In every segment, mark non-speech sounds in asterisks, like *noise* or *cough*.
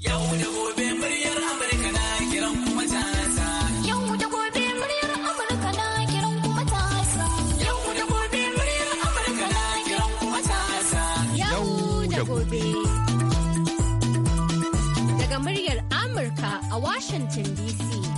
da gobe muryar Amurka na kiran da gobe muryar Amurka na kiran da gobe muryar Amurka na kiran da gobe. Daga muryar Amurka a Washington DC.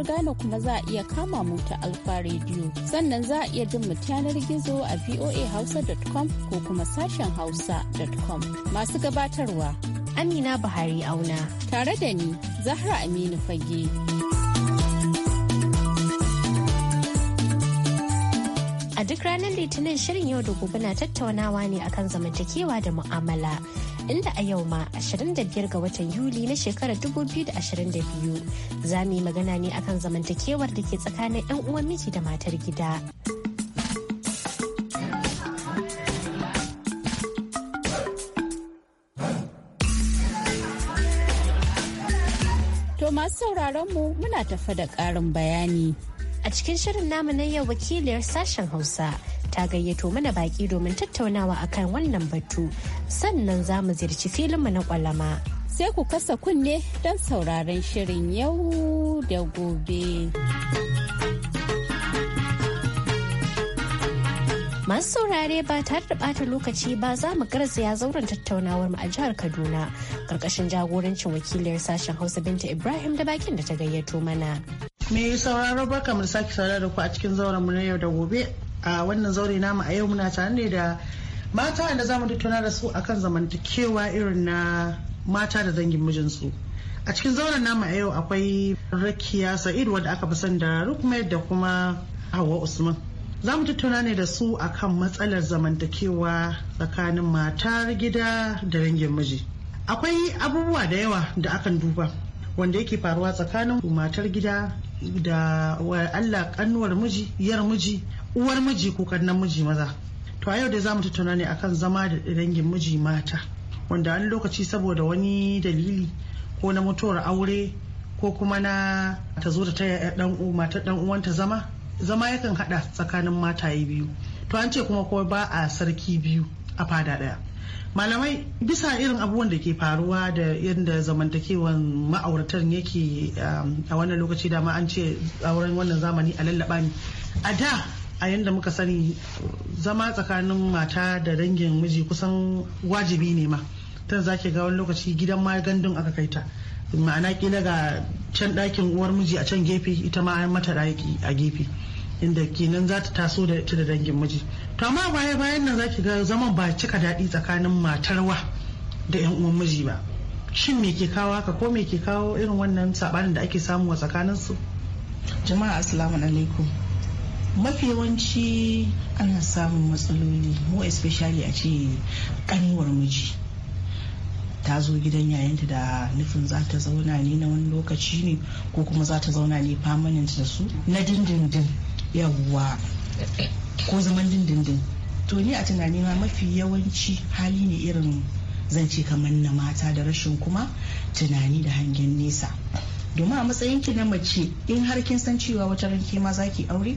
kasar Ghana kuma za a iya kama mu ta Alfa Radio. Sannan za a iya jin mu yanar gizo a voahausa.com ko kuma sashen hausa.com. Masu gabatarwa. Amina Buhari auna. Tare da ni, Zahra Aminu Fage. A duk ranar Litinin shirin yau da gobe na tattaunawa ne akan zamantakewa da mu'amala. inda a yau ma 25 ga watan Yuli na shekarar 2022 za mu yi magana ne akan zamantakewar da ke tsakanin 'yan uwan miji da matar gida. To masu sauraron mu muna tafa da ƙarin bayani. A cikin shirin namu na yau wakiliyar sashen Hausa ta gayyato mana baki domin tattaunawa akan wannan batu sannan za mu ziyarci filinmu na kwalama. Sai ku kasa kunne don sauraron shirin yau da gobe. masu saurare ba tare da bata lokaci ba za mu garzaya zauren tattaunawar mu a jihar kaduna karkashin jagorancin wakiliyar sashen hausa binta ibrahim da bakin da ta gayyato mana Me sauraro barka mu sake sauraro da ku a cikin zauren mu na yau da gobe. A wannan zaure namu a yau muna tare ne da mata da zamu tattauna da su akan zamantakewa irin na mata da dangin mijinsu. A cikin zauren namu a yau akwai Rakiya Sa'id wanda aka fi san da Rukmai da kuma Hauwa Usman. Za mu tattauna ne da su akan matsalar zamantakewa tsakanin matar gida da dangin miji. Akwai abubuwa da yawa da akan duba wanda yake faruwa tsakanin matar gida da Allah kannuwar miji yar miji uwar miji ko kannan miji maza to a yau dai zamu tattauna ne akan zama da dangin miji mata wanda wani lokaci saboda wani dalili ko na mutuwar aure ko kuma na ta zo da taya dan uwa mata dan uwanta zama zama yakan hada tsakanin mataye biyu to an ce kuma ko ba a sarki biyu a fada daya malamai bisa irin abubuwan da ke faruwa da yadda zamantakewan ma'auratan yake um, a wannan lokaci dama an ce auren wannan zamani a lallaba ne a da a yadda muka sani zama tsakanin mata da dangin miji kusan wajibi ne ma ta zaki ga wani lokaci gidan ma gandun aka kai ta ma'ana kila ga can dakin uwar miji a can gefe ita ma mata ɗaki a gefe inda kenan za ta taso da ita da dangin miji to amma baya bayan nan zaki ga zaman ba cika daɗi tsakanin matarwa da yan uwan miji ba shin me ke kawo haka ko me ke kawo irin wannan sabanin da ake samu a tsakanin su jama'a assalamu alaikum mafi yawanci ana samun matsaloli mu especially a ce kanewar miji ta zo gidan yayanta da nufin za ta zauna ne na wani lokaci ne ko kuma za ta zauna ne permanent da su na dindindin yawwa ko zaman dindindin to ni a tunani ma mafi yawanci hali ne irin zance kamar na mata da rashin kuma tunani da hangen nesa domin a matsayin ki na mace in har kin san cewa wata ranke ma zaki aure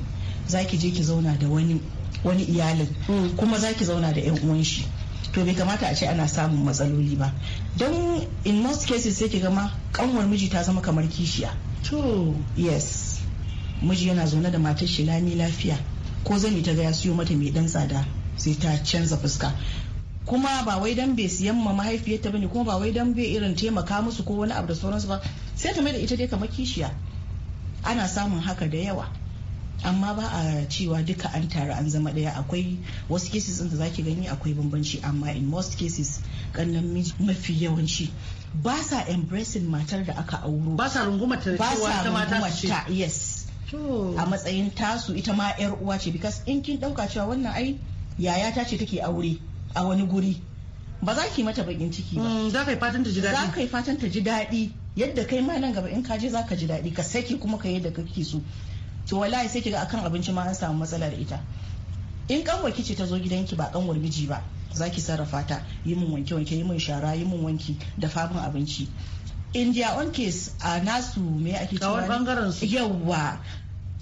ki je ki zauna da wani wani iyalin mm. kuma zaki zauna da yan uwan shi to bai kamata a ce ana samun matsaloli ba don in most cases sai ki gama kanwar miji ta zama kamar kishiya to yes miji yana zaune da matar shi lami lafiya ko zan yi ta gaya siyo mata mai dan tsada sai ta canza fuska kuma ba wai dan bai siyan ma mahaifiyarta bane kuma ba wai dan bai irin taimaka musu ko wani abu da sauransu ba sai ta mai da ita dai kamar kishiya ana samun haka da yawa amma ba a cewa duka an tara an zama daya akwai wasu cases da zaki gani akwai bambanci amma in most cases kannan mafi yawanci ba sa embracing matar da aka auro ba sa rungumata ta yes a matsayin tasu ita ma yar uwa ce because in kin dauka cewa wannan ai yaya ta ce take aure a wani guri ba za ki mata bakin ciki ba mm, za ka yi fatan ta ji daɗi za ka yi fatan ta ji daɗi yadda kai ma nan gaba in ka je za ka ji daɗi ka saki kuma ka yadda kake so to wallahi sai kiga akan abinci ma an samu matsala da ita in kanwar ce ta zo gidanki ba kanwar miji ba za ki sarrafa ta yi min wanke wanke yi min shara yi mun wanki da famin abinci in their own case a nasu me ake cewa bangaren su yawa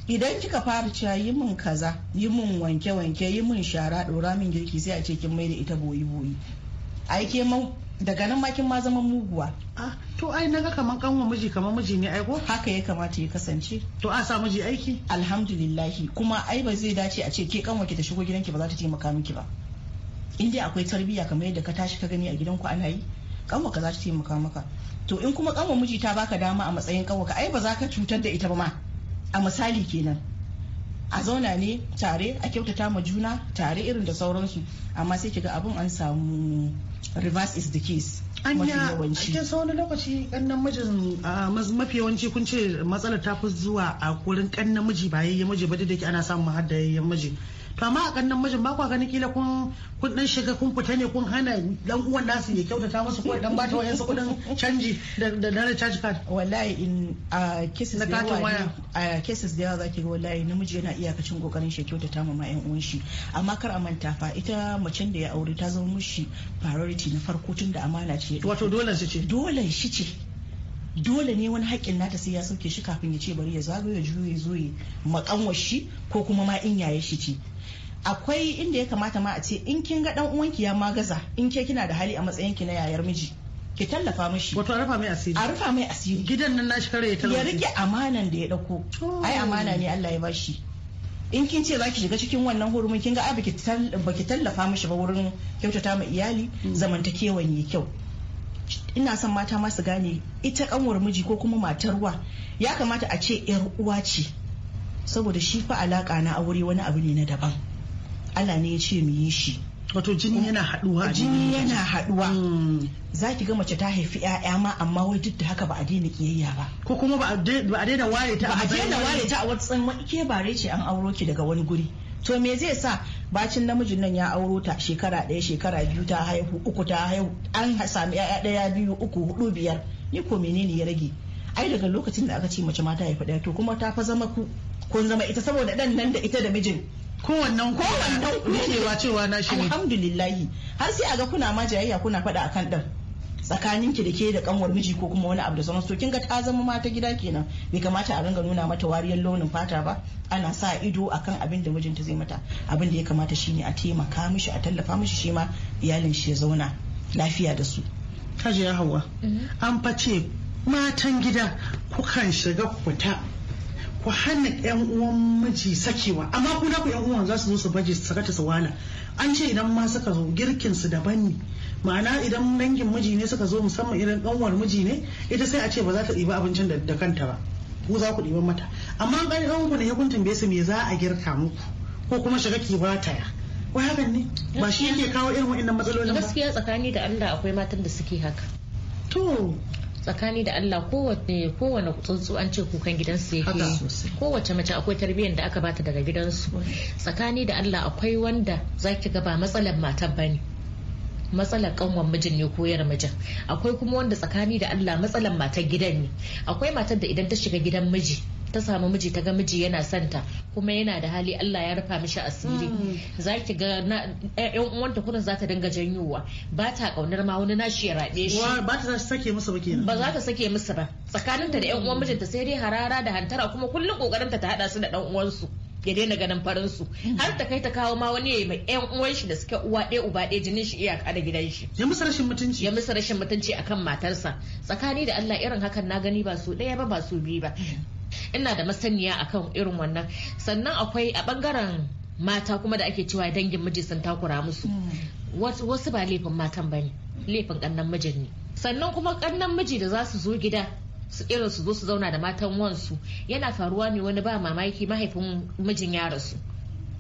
idan kika fara cewa yi min kaza yi min wanke wanke yi min shara dora min girki sai a ce kin mai da ita boyi boyi ai ke daga nan makin ma zama muguwa. Ah, to ai naga kaman kanwa miji kaman miji ne aiko? Haka ya kamata ya kasance. To a sa miji aiki? Alhamdulillahi kuma ai ba zai dace a ce ke kanwa ki ta shigo gidanki ba za ta taimaka miki ba. In dai akwai tarbiyya kamar yadda ka tashi ka gani a gidanku ana yi, kanwa ka za ta taimaka maka. to in kuma kanwa miji ta baka dama a matsayin kanwa ka ai ba za ka cutar da ita ba ma a misali kenan a zauna ne tare a kyautata ma juna tare irin da sauransu amma sai kiga abun an samu reverse is the case anya cikin sauran lokaci kan namijin mafi yawanci kun ce matsalar ta fi zuwa a kurin kan namiji ba yayyen miji ba duk da ana samun har da yayyen miji to amma a kannan mijin ba kwa ganin kila kun kun dan shiga kun fita ne kun hana dan uwan nasu ya kyautata masu ko dan bata su kudin canji da da charge card wallahi in a cases da yawa a cases da yawa zaki ga wallahi namiji yana iyakacin kokarin shi kyautata ma ma uwan shi amma kar a manta fa ita macen da ya aure ta zama mushi priority na farko tun da amana ce wato dole shi ce dole shi ce dole ne wani haƙƙin nata sai ya sauke shi kafin ya ce bari ya zagayo ya juyo ya zo ya shi ko kuma ma in yaye shi ce akwai inda ya kamata ma a ce in kin ga dan uwanki ya magaza in ke kina da hali a matsayin ki na yayar miji ki tallafa mishi wato a rufa mai asiri a rufa mai asiri gidan nan nashi kare ya tallafa ya rike amanan da ya dauko oh. ai amana ne Allah ya bashi in kin ce zaki shiga cikin wannan hurumin kin ga baki tallafa mishi ba wurin kyautata ma iyali mm. zamantakewan yi kyau ina son mata masu gane ita kanwar miji ko kuma matar wa ya kamata a ce yar uwa ce saboda shi fa alaka na aure wani abu ne na daban Allah ne ya ce mu yi shi wato jini yana haduwa jini yana haduwa hmm. za ki ga mace ta haifi ƴaƴa ma amma wai duk da haka ba a daina kiyayya ba ko kuma ba a daina ware ta a daina ware ta a wata tsanwa ke bare ce an auro ki daga wani guri to me zai sa bacin namijin nan ya auro ta shekara ɗaya shekara biyu ta haihu uku ta haihu an sami ya'ya ɗaya biyu uku hudu biyar ni ko menene ya rage ai daga lokacin da aka ce mace mata haifi ɗaya to kuma ta fa zama ku kun zama ita saboda ɗan nan da ita da mijin Kowannan kowannen cewa cewa na shi alhamdulillah har sai a ga kuna ma jayayya kuna faɗa akan ɗan tsakanin ki da ke da kanwar miji ko kuma wani abu da sauransu to kin ga ta zama mata gida kenan bai kamata a ringa nuna mata wariyar launin fata ba ana sa ido akan abin da mijinta zai mata abin da ya kamata shine a taimaka mishi a tallafa mishi shi ma iyalin shi ya zauna lafiya da su kaje hawa mhm. an face matan gida kukan shiga fita ku hana yan uwan miji sakewa amma kuna ku yan uwan za su zo su baje su saka ta sawala an ce idan ma suka zo girkin su daban ne ma'ana idan dangin miji ne suka zo musamman idan kanwar miji ne ita sai a ce ba za ta ɗiba abincin da kanta ba ku za ku ɗiba mata amma ƙari ɗan ku da ya kun su me za a girka muku ko kuma shiga ki ba ta ya wai hakan ne ba shi yake kawo irin waɗannan matsalolin ba gaskiya tsakani da Allah akwai matan da suke haka to tsakani da Allah kowace kowane tsuntsu an ce kukan gidansu yake kowace mace akwai tarbiyyar da aka bata daga gidansu tsakani da Allah akwai wanda zaki ga ba matsalar matar bane matsalar kanwan mijin ne koyar mijin akwai kuma wanda tsakani da Allah matsalar matar gidan ne akwai matar da idan ta shiga gidan miji ta samu miji ta ga miji yana santa kuma yana da hali Allah ya rufa mishi asiri mm. za ki ga eh, yan uwanta kurin za ta dinga janyowa ba ta kaunar ma wani nashi ya rabe shi ba ta sake musu ba kenan ba za ta sake musu ba tsakaninta da yan uwan mijinta sai dai harara da hantara kuma kullum kokarin ta hada su da ɗan uwansu ya daina ganin farin su har ta kai ta kawo ma wani mai yan uwan shi da suka uwa ɗe uba ɗe jinin shi iyaka da gidan shi ya musu rashin mutunci ya musu rashin mutunci akan matarsa tsakani da Allah irin hakan na gani ba su ɗaya ba ba su biyu ba ina da masaniya akan irin wannan sannan akwai a bangaren mata kuma da ake cewa dangin miji sun takura musu wasu ba laifin matan bane laifin ƙannan mijin ne sannan kuma ƙannan miji da za su zo gida su irin su zo su zauna da matan wansu yana faruwa ne wani ba mamaki mahaifin mijin ya rasu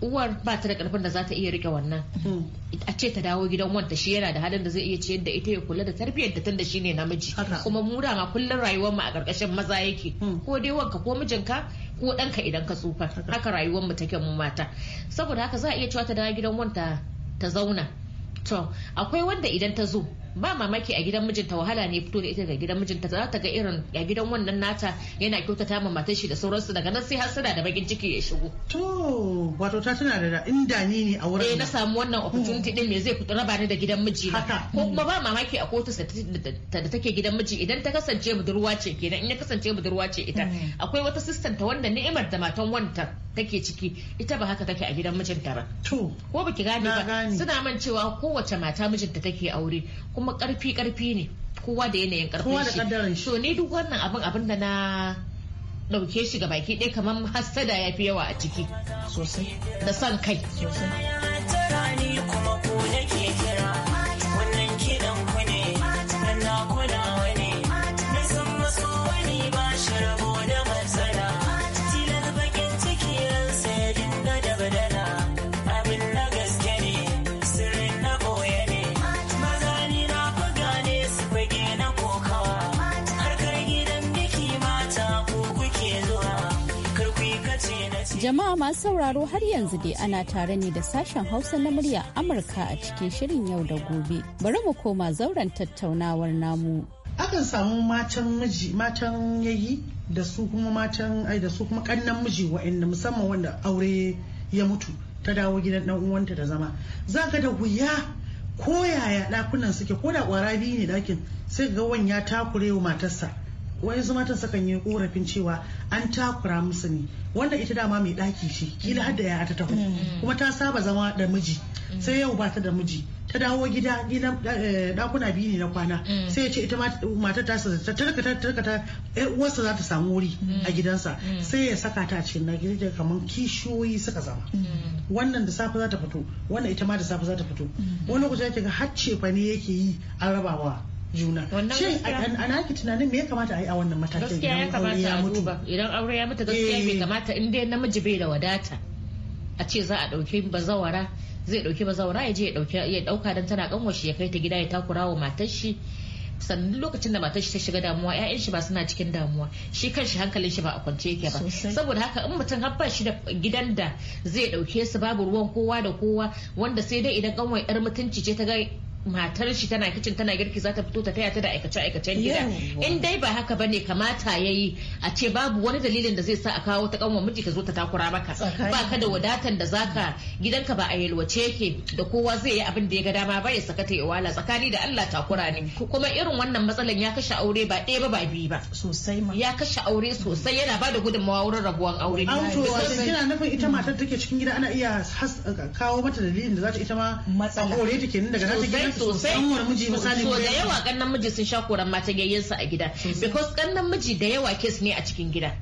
uwar ba ta da karfin da za ta iya rike wannan mm. a ce ta dawo gidan wanta shi yana da halin da zai iya ciyar da ita ya kula da tarbiyyar da shi ne namiji kuma mu da ma kullum rayuwar mu a karkashin maza yake mm. ko dai wanka ko mijinka ko danka idan ka tsufa haka rayuwar mu take mu mata saboda haka za a iya cewa ta dawo gidan wanta ta zauna to akwai wanda idan ta zo ba mamaki a gidan mijinta wahala ne fito da ita ga gidan mijinta za ta ga irin a gidan wannan nata yana kyautata ma matar shi da sauransu daga nan sai suna da bakin ciki ya shigo to wato ta tana da inda ni ne a wurin eh na samu wannan opportunity din me zai fito raba ni da gidan miji ba ko kuma ba mamaki a kotu da take gidan miji idan ta kasance budurwa ce kenan in ya kasance budurwa ce ita mm. akwai wata system ta wanda ni'imar da matan wanta take ciki ita ba haka take a gidan mijinta ba to ko baki gane ba suna man cewa kowace mata mijinta take aure kuma karfi karfi ne kowa da yanayin karfin shi to ni duk wannan abin abin da na dauke shi ga baki ɗaya kamar *laughs* hassada ya fi yawa a ciki sosai da son kai sosai Jama'a masu sauraro har yanzu dai ana tare ne da sashen Hausa na murya Amurka a cikin shirin yau da gobe. Bari mu koma zauren tattaunawar namu. Akan samu matan miji matan yayi da su kuma matan ai da su kuma kannan miji wa'anda musamman wanda aure ya mutu ta dawo gidan dan uwanta da zama. za ka da wuya ko yaya dakunan suke ko da kwara biyu ne dakin sai ga wani ya takure wa matarsa. zuma ta sakan yi korafin cewa an takura musu ne wanda ita dama mai ɗaki ce kila har da ya ta taho mm. kuma ta saba zama da miji mm. sai yau ba ta da miji ta dawo gida dakuna eh, biyu ne na kwana mm. sai ya ce ita matar ta ta tarkata tarkata yar eh, uwarsa za ta samu wuri a gidansa sai ya saka ta cikin na gida kamar kishiyoyi suka zama wannan da safe za ta fito wannan ita ma da safe za ta fito wani lokaci ya ga har fa ne yake yi an rabawa juna shin a ake tunanin me ya kamata a yi a wannan matakin gaskiya ya kamata a duba idan aure ya mutu gaskiya bai eh. kamata in dai namiji bai da wadata a ce za a ɗauki bazawara zai ɗauki bazawara ya je ya ɗauka dan tana kanwar ya kai ta gida ya takura wa matar shi sannan lokacin da matar shi ta shiga damuwa ƴaƴan shi ba suna cikin damuwa shi kanshi hankalin shi ba a kwance yake ba saboda haka in mutum har ba shi da gidan da zai dauke su babu ruwan kowa da kowa wanda sai dai idan kanwar yar mutunci ce ta ga matar shi tana kicin tana girki za ta fito ta taya ta da aikace aikacen gida in dai ba haka bane kamata yayi a ce babu wani dalilin da zai sa a kawo ta kanwa miji ka zo ta takura maka ba ka da wadatan da zaka gidanka ba a yalwace yake da kowa zai yi abin da ya ga dama ba ya saka ta wala tsakani da Allah takura ne kuma irin wannan matsalan ya kashe aure ba ɗaya ba ba biyu ba sosai ma ya kashe aure sosai yana bada gudunmawa wurin rabuwan aure kina nufin ita matar take cikin gida ana iya kawo mata dalilin da za ta ita ma matsala aure take nan daga ta gidan sosai da yawa kannan miji sun sha koran mata gayyansa a gida because kannan miji da yawa kes ne a cikin gida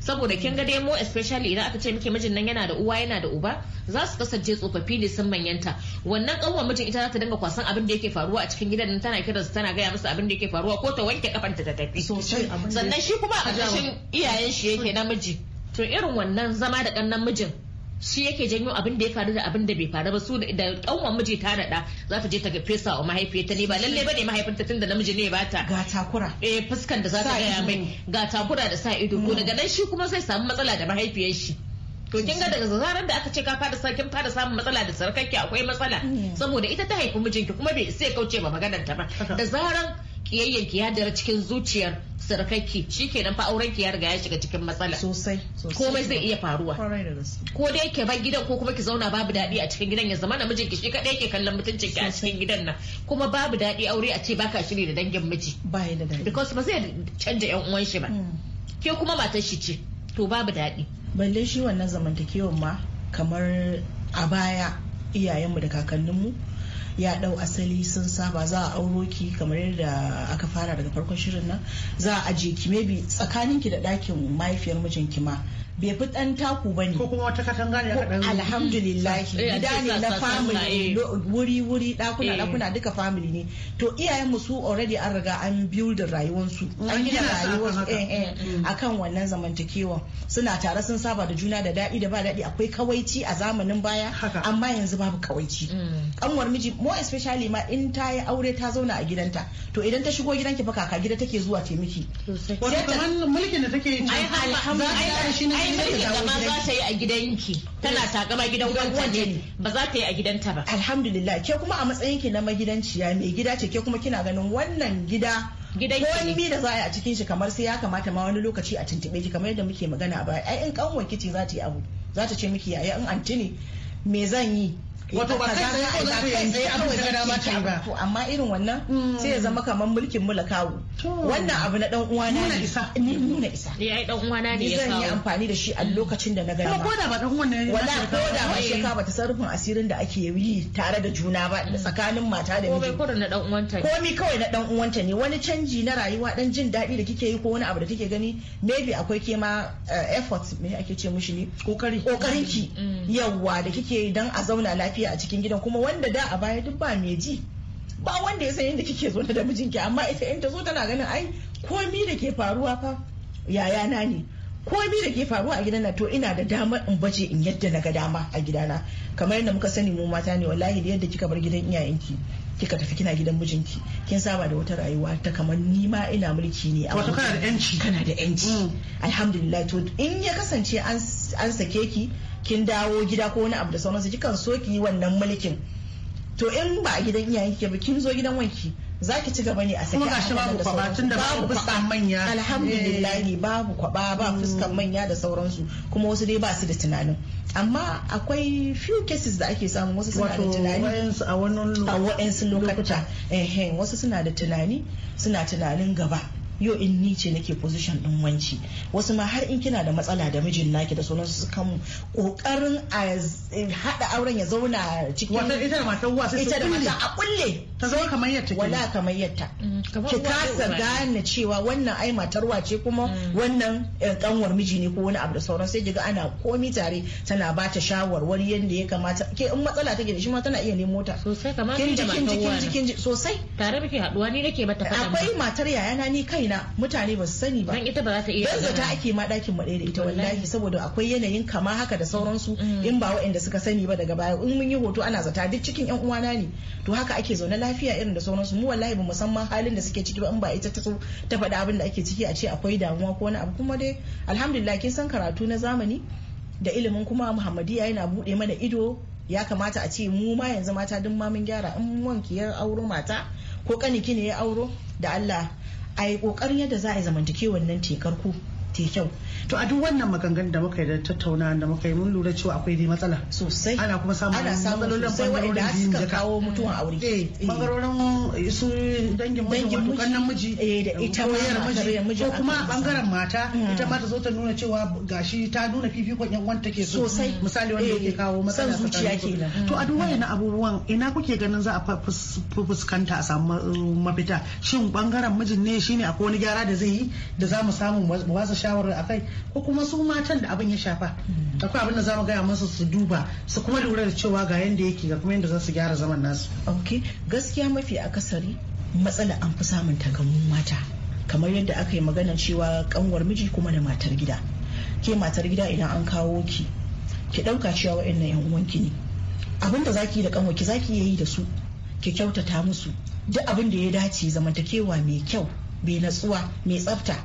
saboda kin ga demo especially idan aka ce miki mijin nan yana da uwa yana da uba za su kasance tsofaffi ne sun manyanta wannan kanwar mijin ita za ta dinga kwasan abin da yake faruwa a cikin gidan nan tana kiransu tana gaya musu abin da yake faruwa ko ta wanke kafanta ta tafi sannan shi kuma a ƙarshen iyayen shi yake namiji to irin wannan zama da kannan mijin shi yake janyo abin da ya faru da abin da bai faru ba su da kanwan miji ta naɗa za ta je ta fesa wa mahaifiyarta ne ba lalle bane mahaifinta tun da namiji ne ba ta ga takura eh fuskan da za ta gaya mai ga takura da sa ido ko mm. daga nan shi kuma sai samu matsala da mahaifiyar shi to kin ga daga zarar da aka ce ka fara sakin fara samun matsala da sarkarki akwai matsala mm. saboda ita ta haifi mijinki kuma bai sai kauce ma maganar ta ba da zaran kiyayyanki ya dara cikin zuciyar shi kenan fa auren ki ya riga ya shiga cikin matsala sosai komai zai iya faruwa ko dai ke bar gidan ko kuma ki zauna babu daɗi a cikin gidan ya zama namijin ki shi kadai ke kallon mutuncin ki a cikin gidan nan kuma babu daɗi aure a ce baka shiri da dangin miji ba daɗi because ba zai canja yan uwan shi ba hmm. ke kuma matar shi ce to babu daɗi balle shi wannan zamantakewan ma kamar a baya iyayenmu da kakanninmu ya dau asali sun saba za a auro ki kamar yadda aka fara daga farkon shirin nan za a aje ki maybe tsakanin ki da ɗakin mahaifiyar mijinki ma bai fi ɗan taku ba ne. Ko kuma wata katanga ne aka ɗan. Alhamdulillah eh, gida ne na family eh. wuri wuri ɗakuna eh. ɗakuna duka family ne. To iyayen mu su already an riga an build su. An gina eh mm, mm. akan wannan zamantakewa. Suna tare sun saba da juna da daɗi da ba daɗi akwai kawaici a zamanin baya. Amma yanzu babu kawaici. Kanwar mm. miji mo especially ma in ta yi aure ta zauna a gidanta. To idan ta shigo gidanki fa kaka gida take zuwa taimaki. Wato kamar mulkin da take yi. Alhamdulillah. ai mijin gama za ta yi a gidanki tana gama gidan ne ba za ta yi a gidanta ba alhamdulillah ke kuma a matsayin ki na magidanciya mai gida ce ke kuma kina ganin wannan gida gidan wani da za a yi a cikin shi kamar sai ya kamata ma wani lokaci a tuntube ki kamar yadda muke magana ba ai in kanwar kici za ta yi abu za ta ce miki yaya in anti ne me zan yi wato ba kai tsaye za ka yi sai abin da ma ta ba to amma irin wannan hmm. sai ya zama kamar mulkin mulakawu wannan abu na dan uwana ne isa ni nuna isa ni ai dan uwana ne ya kawo zan yi amfani da shi a lokacin da na ga ko da ba dan uwan ne wala ko da ba shi ka ba ta sarrufin asirin da ake yi tare da juna ba tsakanin mata da miji ko na dan uwanta ne komi kawai na dan uwanta ne wani canji na rayuwa dan jin dadi da kike yi ko wani abu da kike gani maybe akwai ke ma eh, effort me ake ce mishi ne kokari kokarin ki mm. yawwa da kike yi dan a zauna lafiya lafiya a cikin gidan kuma wanda da a baya duk ba mai ji ba wanda ya san yadda kike zo da mijinki amma ita in ta zo tana ganin ai komi da ke faruwa fa yaya na ne komi da ke faruwa a gidana to ina da damar in bace in yadda na ga dama a gidana kamar yadda muka sani mu mata ne wallahi da yadda kika bar gidan iyayenki kika tafi kina gidan mijinki kin saba da wata rayuwa ta kamar ni ma ina mulki ne wato kana da yanci kana da yanci mm. alhamdulillah to in ya kasance an sake ki kin dawo gida ko wani abu da sauransu kikan so ki yi wannan mulkin to in ba a gidan iyayen ki ba kin zo gidan wanki za ki ci gaba ne a sake gashi babu kwaba tun da babu fuskan manya alhamdulillah eh, babu kwaba ba mm. fuskan manya da sauransu kuma wasu dai ba su da tunanin amma akwai few cases da ake samu wasu suna da tunani a wa'ansu lokuta wasu suna da tunani suna tunanin gaba yo in ni ce nake position din wanci wasu ma har in kina da matsala da mijin naki da sauransu su kan kokarin a eh, hada auren ya zauna cikin wata ita da matan wasu ita da a kulle ta zama mm, kamar yadda wala kamar yadda ki kasa gane cewa wannan ai matar wace kuma mm. wannan eh, kanwar miji ne ko wani abu da sauran sai kiga ana komi tare tana ba ta shawarwari yadda ya kamata ke in matsala take da shi ma tana iya nemo ta sosai kamar kin ji kin ji kin ji sosai tare muke haduwa ni nake mata fada akwai matar yayana ni kaina mutane ba su sani ba dan ita ba za ta iya dan zata ake ma dakin mu da ita wallahi saboda akwai yanayin kama haka da sauransu mm. in ba waɗanda suka sani ba daga baya in mun yi hoto ana zata duk cikin yan uwana ne to haka ake zaune lafiya lafiya irin da sauransu mu wallahi ba musamman halin da suke ciki ba in ba ita ta ta faɗi abin da ake ciki a ce akwai damuwa ko wani abu kuma dai alhamdulillah kin san karatu na zamani da ilimin kuma muhammadiya yana buɗe mana ido ya kamata a ce mu ma yanzu mata duk ma mun gyara in wanki ya auro mata ko ki ne ya auro da Allah a yi kokarin yadda za a yi zamantakewa nan tekarku ta kyau to a duk wannan maganganu da muka yi da tattauna da muka yi mun lura cewa akwai dai matsala sosai ana kuma samun ana samun suka kawo mutuwan aure eh, eh. su dangin miji wato kannan miji eh da ita ma ko kuma bangaren mata hmm. ita ma ta zo ta nuna cewa gashi ta nuna fifikon yan wanta ke so sosai misali wanda yake eh, kawo matsala zuciya kenan hmm. to a duk wayannan abubuwan ina kuke ganin za a fuskanta a samu uh, mafita shin bangaren mijin ne shine akwai wani gyara da zai yi da za mu samu ba su shawarar akai ko kuma su matan da abin ya shafa akwai abin da zamu gaya masa su duba su kuma lura da cewa ga yanda yake ga kuma yanda za su gyara zaman nasu okay gaskiya mafi akasari matsala an fi samun tagamun mata kamar yadda aka yi magana cewa kanwar miji kuma da matar gida ke matar gida idan an kawo ki ki dauka cewa wa'annan yan uwanki ne abin da zaki yi da kanwar ki zaki yi da su ki kyautata musu duk abin da ya dace zamantakewa mai kyau Bai natsuwa mai tsafta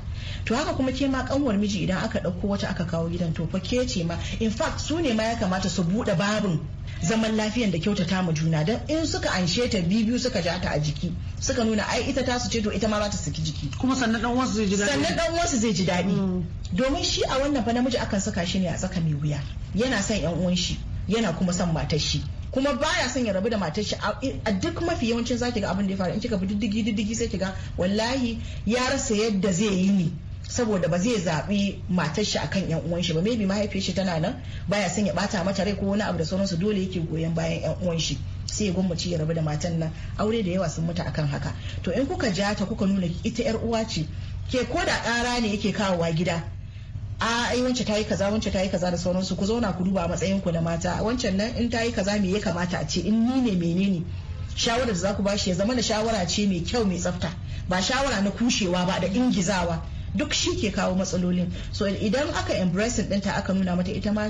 to haka kuma ke ma kanwar miji idan aka ɗauko wata aka kawo gidan to fa ke ce ma in fact su ne ma ya kamata su buɗe babin zaman lafiyan da kyautata mu juna don in suka anshe ta biyu suka ja ta a jiki suka nuna ai ita ta su ce to ita ma za ta saki jiki kuma sannan dan wasu zai ji daɗi sannan dan wasu zai ji daɗi mm. domin shi a wannan fa namiji akan saka shi ne a tsaka mai wuya yana son yan uwan shi yana kuma son matar shi kuma baya son ya rabu da matar shi a duk mafi yawancin zaki ga abin da ya faru in kika bi diddigi diddigi sai kiga wallahi ya rasa yadda zai yi ni saboda ba zai zaɓi matar shi akan yan uwan shi ba maybe mahaifiyar shi tana nan baya son ya bata mata rai ko wani abu da sauransu dole yake goyon bayan yan uwan shi sai ya gwammaci ya rabu da matan nan aure da yawa sun mutu akan haka to in kuka ja ta kuka nuna ita yar uwa ce ke ko da ƙara ne yake kawowa gida a ai wance tayi kaza wance tayi kaza da sauransu ku zauna ku duba a matsayin ku na mata wancan nan in tayi kaza me ya kamata a ce in ni ne menene shawara da za ku bashi ya zama na shawara ce mai kyau mai tsafta ba shawara na kushewa ba da ingizawa duk shi ke kawo matsalolin so idan aka din ɗinta aka nuna mata ita ma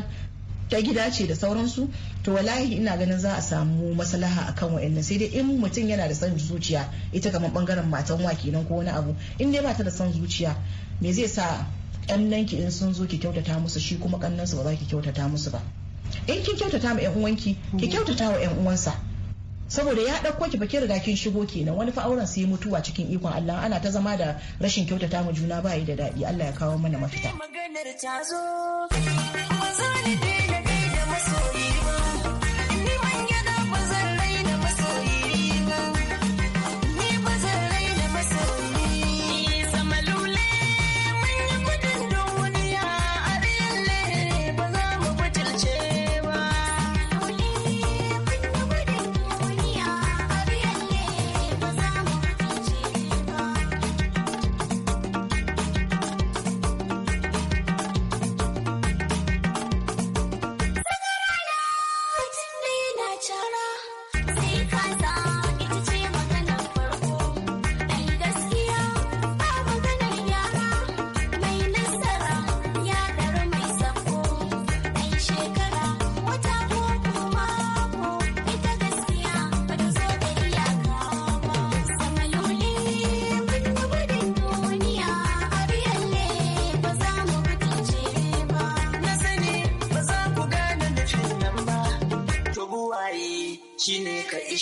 ta gida ce da sauransu to wallahi ina ganin za a samu maslaha akan wa'annan sai dai in mutum yana da son zuciya ita kamar bangaren matan wa kenan ko wani abu in dai ba ta da son zuciya me zai sa ƙannanki in sun zo ki kyautata musu shi kuma kannansu ba za ki kyautata musu ba in kin kyautata ma 'yan uwanki ki mm. kyautata wa 'yan uwansa saboda ya ɗauko ki baki riga kin shigo kenan wani fa auren sai mutuwa cikin ikon Allah ana ta zama da rashin kyautata ma juna ba da daɗi Allah ya kawo mana mafita maganar ta zo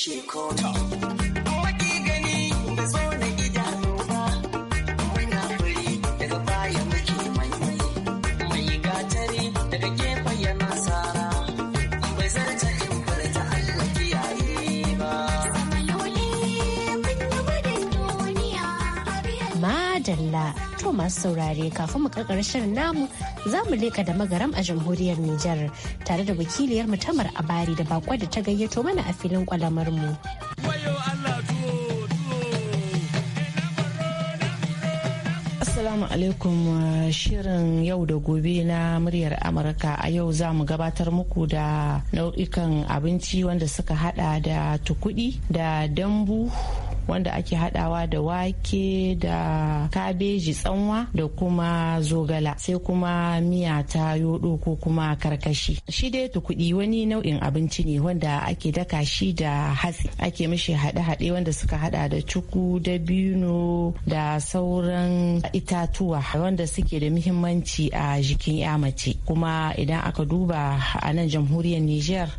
she called her. madalla to masu saurare kafin mu karkar shirin namu za mu leka da magaram a jamhuriyar Nijar tare da wakiliyar mu Tamar Abari da bakwa da ta gayyato mana a filin kwalamar mu. Assalamu alaikum uh, shirin yau da gobe na muryar Amurka a yau za mu gabatar muku da nau'ikan abinci wanda suka hada da tukudi da dambu wanda ake hadawa da wake da kabeji tsanwa da kuma zogala sai kuma miya ta yodo ko kuma karkashi shi dai tukudi wani nau'in abinci ne wanda ake daka shi da hatsi ake mishi hade-hade wanda suka hada da cuku da bino da sauran itatuwa wanda suke da muhimmanci a jikin ya mace kuma idan aka duba a nan jamhuriyar niger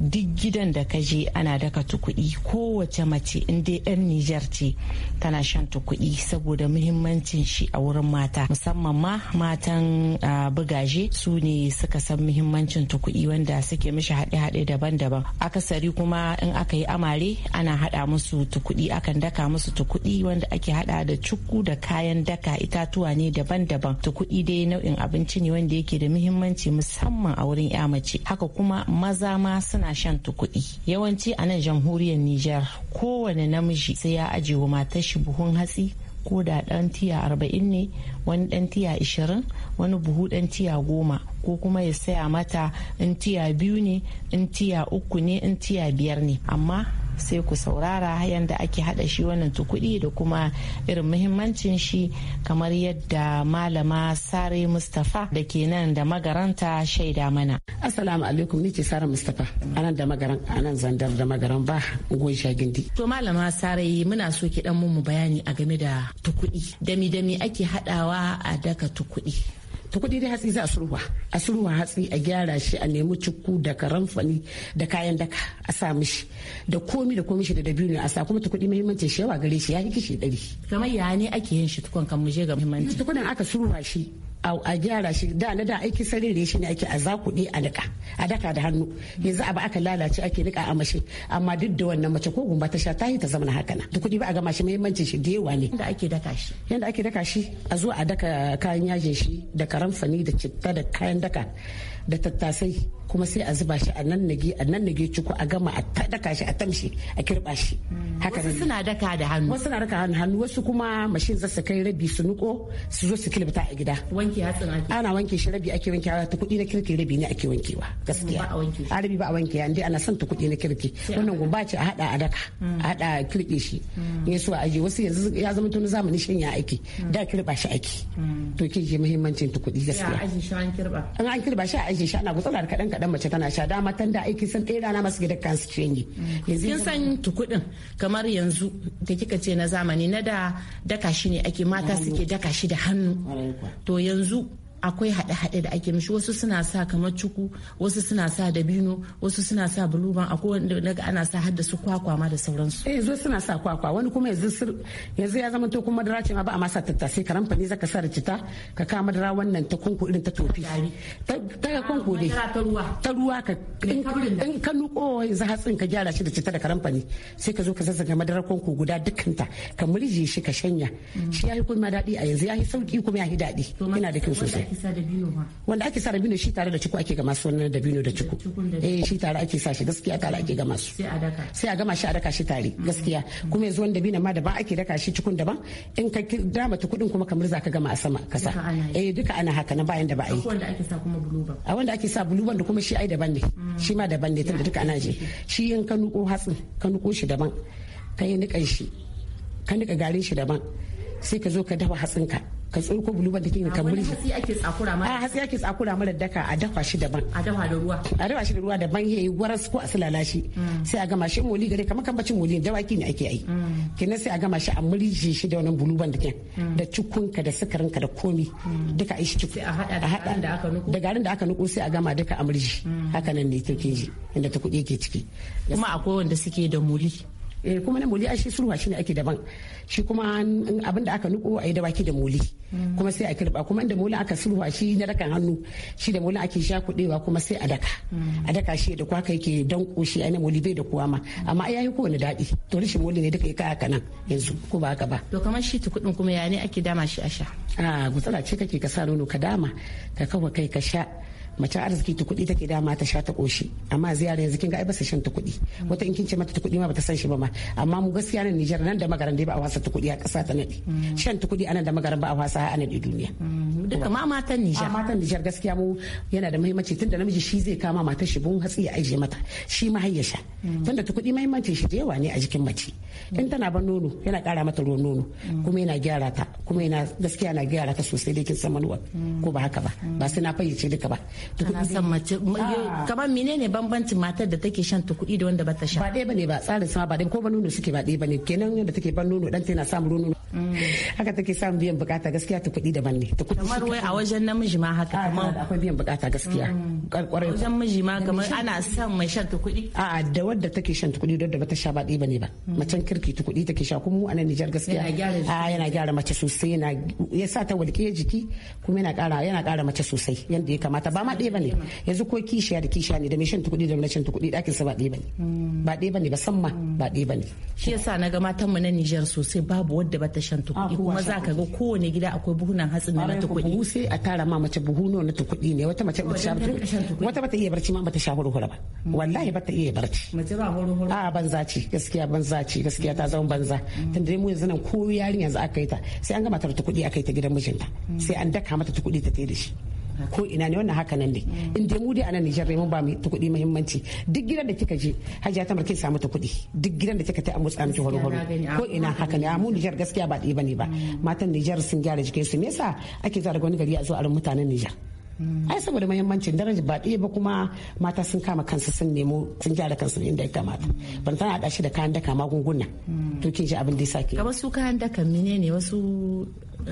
duk gidan da ka je ana daka tukudi kowace mace inda yan nijar ce tana shan tukudi saboda muhimmancin shi a wurin mata musamman ma matan bugaje su ne suka san muhimmancin tukudi wanda suke mishi haɗe-haɗe daban-daban akasari kuma in aka yi amare ana haɗa musu tukudi akan daka musu tukudi wanda ake haɗa da cuku da kayan daka itatuwa ne daban-daban tukudi dai nau'in abinci ne wanda yake da muhimmanci musamman a wurin ya mace haka kuma maza ma suna ana shan tukudi yawanci a nan jamhuriyar Nijar kowane namiji sai ya ajiye wa matar shi buhun hatsi ko da dan tiya arba'in ne wani dan tiya ashirin wani buhu dan tiya goma ko kuma ya saya mata in tiya biyu ne in tiya uku ne in tiya biyar ne amma sai ku saurara yadda ake hada shi wannan tukudi da kuma irin muhimmancin shi kamar yadda malama sare mustapha da ke nan da magaranta shaida mana assalamu alaikum ni ce sare mustapha anan da magaran anan zandar da magaran ba goyi gindi. to malama sare muna so ki dan mu bayani a game da tukudi dami dami ake hadawa a daka tukudi ta kudi dai hatsi za a surwa a surwa hatsi a gyara shi a nemi cikku da karamfani da kayan daka a sa mishi da komi da komi shi da dabino a sa kuma kuɗi muhimmanci shi yawa gare shi ya yi kishi ɗari. kamar ya ne ake yin shi tukun kan muje ga muhimmanci. tukunan aka surwa shi a gyara shi da na da aiki sarere shi ne ake a zakuɗe a niƙa a daka da hannu yanzu abu aka lalace ake niƙa a mashi amma duk da wannan mace ko gumba ta sha ta yi ta zama haka na kuɗi ba a gama shi muhimmancin shi da yawa ne yanda ake daka shi yanda ake daka shi a zo a daka kayan yajin shi da karamfani da citta da kayan daka da tattasai kuma sai a zuba shi a nan nage a nan nage ciko a gama a daka shi a tamshi a kirba shi hmm. haka wasu suna daka da hannu wasu suna daka hannu hannu wasu kuma mashin za su kai rabi su nuko su zo su kilbita a gida wanke hatsin ake ana wanke shi rabi ake wanke ta kudi na kirki rabi ne ake wankewa gaskiya a rabi ba a wanke ya ana son ta kudi na kirki wannan gumba ce a hada a daka hmm. a hada kirbe shi hmm. in so a je wasu yanzu ya zama tun zamani shanya aiki da kirba shi aiki to kike muhimmancin ta kudi gaskiya an kirba shi a ajin shi ana gutsara da kadan dan mace tana sha dama tan da aiki san ɗaya rana masu gidan kansu ce ne. kin san tukudin kamar yanzu da kika ce na zamani na da daka shi ne ake mata suke daka shi da hannu to yanzu akwai haɗe-haɗe da ake mishi wasu suna sa kamar cuku wasu suna sa dabino wasu suna sa buluban akwai wanda daga ana sa har da su kwakwa ma da sauransu eh zo suna sa kwakwa wani kuma yanzu yanzu ya zama to kuma madara ce ma ba a ma sa tattasai ka fani zaka sa ricita ka ka madara wannan ta kunku irin ta tofi ta ta kunku dai ta ruwa ka in ka nuko yanzu hatsin ka gyara shi da cita da karan fani sai ka zo ka zazzaga madara kunku guda dukkanta ka murje shi ka shanya mm. shi yayi kuma daɗi a yanzu yayi sauki kuma yayi daɗi ina da kyau sosai ake sa dabino ba. wanda ake sa dabino shi tare da ciko ake gama su wannan dabino da ciko eh shi tare ake sa shi gaskiya tare ake gama su sai a daka sai a gama shi a daka shi tare mm. gaskiya kuma yanzu wanda dabino ma daban ake daka shi cikun daban in ka dama ta kudin kuma kamar za ka gama a sama kasa eh duka ana haka na bayan da ba a yi wanda ake sa kuma buluban a wanda ake sa buluban da kuma shi ai daban ne mm. shi ma daban ne tunda duka ana je shi in ka nuko hatsin ka nuko shi daban ka yi nikan shi ka nika garin shi daban sai ka zo ka dafa hatsinka ka tsoro ko da ke ka muri hatsi ake tsakura mara ah, hatsi ake tsakura mara daka a dafa shi daban a dafa da ruwa a dafa shi da ruwa daban yi waras ko a sulala shi hmm. sai a gama shi moli gare kamar kambacin moli da dawaki ne ake yi hmm. kenan sai a gama shi a murje shi da wannan buluban da ke hmm. da cikunka da sukarinka da komi duka a yi shi sai a hada da garin da aka nuku sai a gama duka a murji haka nan ne ke ji inda ta kuɗi ke ciki kuma akwai wanda suke da muli Eh, kuma na muli shi surwa ne ake daban shi kuma abin da aka nuko a yi dawaki da muli kuma sai a kirba kuma da muli aka surwa shi na dakan hannu shi da muli ake sha kudewa kuma sai a daka a daka shi da kwaka yake dan koshi a na muli bai da kuwa ma amma ya yi kowane daɗi to shi muli ne duka ya kaya kanan yanzu ko ba haka ba to kamar shi tukudin kuma ya ne ake dama shi a sha a ah, gutsara ce kake ka sa nono ka dama ka kawo kai ka sha mace arziki ta kuɗi take dama ta sha ta koshi amma ziyara yanzu kin ga ai ba sa shan ta kuɗi wata in kin ce mata ta kuɗi ma ba ta san shi ba ma amma mu gaskiya nan Nijar nan da magaran dai ba a wasa ta kuɗi a ƙasa ta nadi mm. shan ta kuɗi anan da magaran ba a wasa a nadi duniya mm. duka ma matan Nijar matan Nijar gaskiya mu yana da muhimmanci tunda namiji shi zai kama matar shi bun hatsi ya aje mata shi ma har sha mm. tunda ta kuɗi muhimmancin shi da yawa ne a jikin mace in tana ban nono yana ƙara mata ruwan nono kuma yana gyara ta kuma yana gaskiya yana gyara ta sosai dai kin san manuwa ko ba haka ba ba sai na fayyace duka ba tukudi san mace ah. kamar menene bambancin matar da take shan tukudi da wanda bata sha ba dai bane ba tsarin sama ba dai ko ba nono suke ba dai bane kenan yadda take ban nono dan tana samu nono haka take samun biyan bukata gaskiya ta kuɗi daban ne ta kuɗi kamar wai a wajen namiji ma haka ah, kamar akwai biyan bukata gaskiya mm. kwarai wajen miji ma kamar ana son mai shan ta kuɗi a'a da wadda take shan ta kuɗi da bata sha ba ɗiba ne ba mm. macen kirki ta kuɗi take sha kuma a nan Nijar gaskiya ah, yana gyara mace sosai yana ya sa ta walƙiya jiki kuma yana ƙara yana ƙara mace sosai yanda ya kamata ba ma ɗiba ne yanzu ko kishiya da kishiya ne da mai shan ta kuɗi da mai shan ta kuɗi ɗakin sa ba ɗiba ne mm. ba ɗiba ne ba san ma ba ɗiba ne shi yasa na ga mu na Nijar sosai babu wadda bata shan tukudi ah, kuma za ka ga kowane gida akwai buhunan hatsin na tukudi buhu sai a tara ma mace buhu na tukudi ne wata mace bata sha tukudi wata bata iya barci ma bata sha ruhura ba hmm. wallahi bata iya barci mace ba ruhura a ah, banza ce gaskiya banza ce gaskiya ta zama banza hmm. da mu yanzu nan ko yarinya yanzu aka yi ta sai an gama ta tukudi aka yi ta gidan mijinta hmm. sai an daka mata tukudi ta tayi da shi ko ina ne wannan haka nan ne mm. in dai mu dai a nan Nijar ne mun ba mu ta kuɗi muhimmanci duk gidan da kika je Hajiya Tamar kin samu ta kuɗi duk gidan da kika ta amu mutsa ki horo ko ina haka ne mu Nijar gaskiya ba ɗaya bane ba mm. matan Nijar sun gyara jikin su me yasa ake zuwa daga wani gari a zo a mutanen Nijar ai saboda mahimmancin daraja ba ɗaya ba kuma mata sun kama kansu sun nemo sun gyara kansu inda ya kamata ban tana haɗa shi da kayan daka magunguna to kin ji abin da ya sake ga wasu kayan daka ne wasu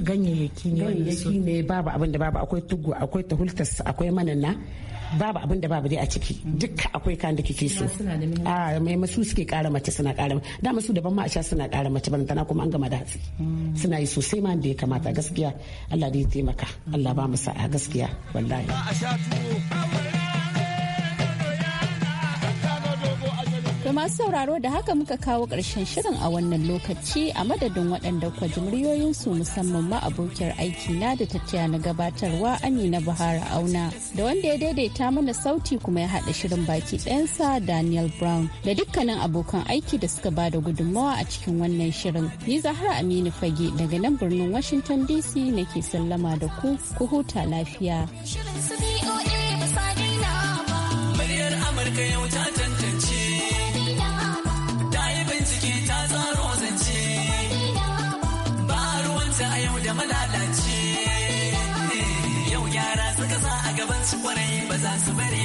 ganyayyaki ne ganyayyaki ne babu abin da babu akwai tugu akwai tahultas akwai manana babu abin da babu dai a ciki duka akwai kan da kike so a ah, mai masu suke kara mace suna kara da masu daban ma a sha suna kara mace ban tana kuma an gama da hatsi mm. suna yi sosai ma da ya kamata gaskiya Allah da ya taimaka Allah ba mu sa'a gaskiya wallahi Da masu sauraro da haka muka kawo ƙarshen shirin a wannan lokaci a madadin waɗanda kwa su musamman ma abokiyar aiki na da tattaya na gabatarwa Amina Buhari Auna da wanda ya daidaita mana sauti kuma ya haɗa shirin baki ɗayansa Daniel Brown da dukkanin abokan aiki da suka ba da gudunmawa a cikin wannan shirin. Ni Zahra Aminu Fage daga nan birnin Washington DC nake sallama da ku ku huta lafiya. cause I somebody.